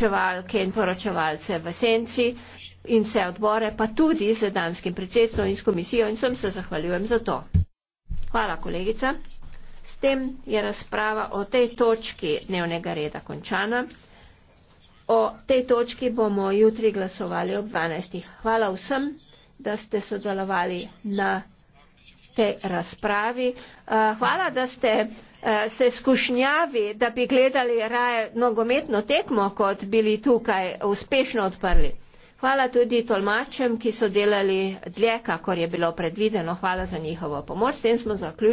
poročevalke in poročevalce v senci in vse odbore, pa tudi z danskim predsedstvom in s komisijo in sem se zahvaljujem za to. Hvala, kolegica. S tem je razprava o tej točki dnevnega reda končana. O tej točki bomo jutri glasovali ob 12. Hvala vsem, da ste sodelovali na tej razpravi. Eh, hvala, da ste eh, se skušnjavi, da bi gledali raje nogometno tekmo, kot bili tukaj uspešno odprli. Hvala tudi tolmačem, ki so delali dlje, kakor je bilo predvideno. Hvala za njihovo pomoč. S tem smo zaključili.